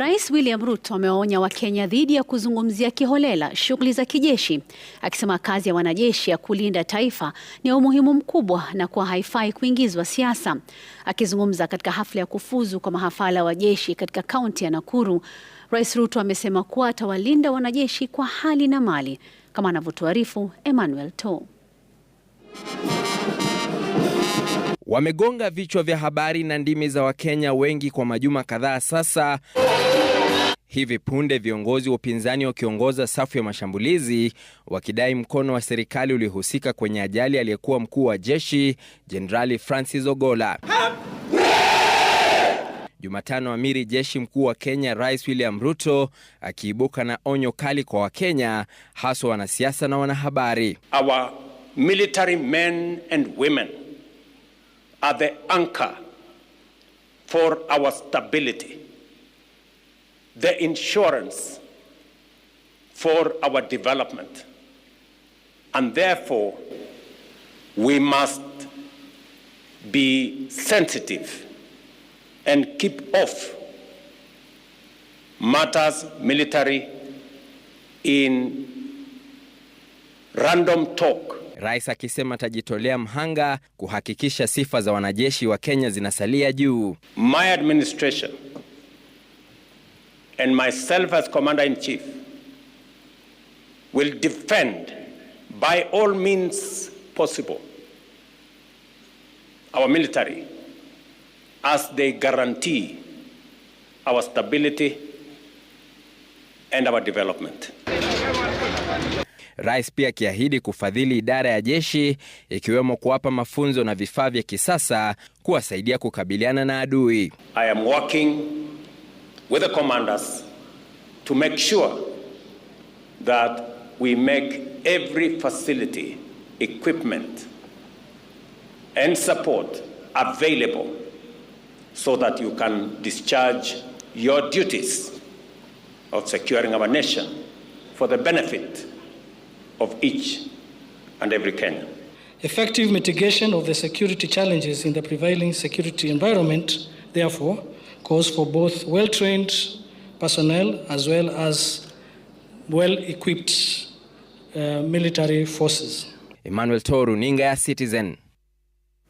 Rais William Ruto amewaonya Wakenya dhidi ya kuzungumzia kiholela shughuli za kijeshi, akisema kazi ya wanajeshi ya kulinda taifa ni ya umuhimu mkubwa na kuwa haifai kuingizwa siasa. Akizungumza katika hafla ya kufuzu kwa mahafala wa jeshi katika kaunti ya Nakuru, Rais Ruto amesema kuwa atawalinda wanajeshi kwa hali na mali, kama anavyotuarifu Emmanuel To wamegonga vichwa vya habari na ndimi za Wakenya wengi kwa majuma kadhaa sasa. Hivi punde viongozi wa upinzani wakiongoza safu ya mashambulizi wakidai mkono wa serikali uliohusika kwenye ajali aliyekuwa mkuu wa jeshi Jenerali Francis Ogola. Jumatano, amiri jeshi mkuu wa Kenya Rais William Ruto akiibuka na onyo kali kwa Wakenya, haswa wanasiasa na wanahabari. Our military men and women are the anchor for our stability, the insurance for our development. And therefore, we must be sensitive and keep off matters military in random talk rais akisema atajitolea mhanga kuhakikisha sifa za wanajeshi wa Kenya zinasalia juu. My administration and myself as commander in chief will defend by all means possible our military as they guarantee our stability and our development. Rais pia akiahidi kufadhili idara ya jeshi ikiwemo kuwapa mafunzo na vifaa vya kisasa kuwasaidia kukabiliana na adui. I am working with the commanders to make sure that we make every facility, equipment and support available so that you can discharge your duties of securing our nation for the benefit of each and every Kenyan. Effective mitigation of the security challenges in the prevailing security environment, therefore, calls for both well-trained personnel as well as well-equipped uh, military forces. Emmanuel Toru, Ninga, Citizen.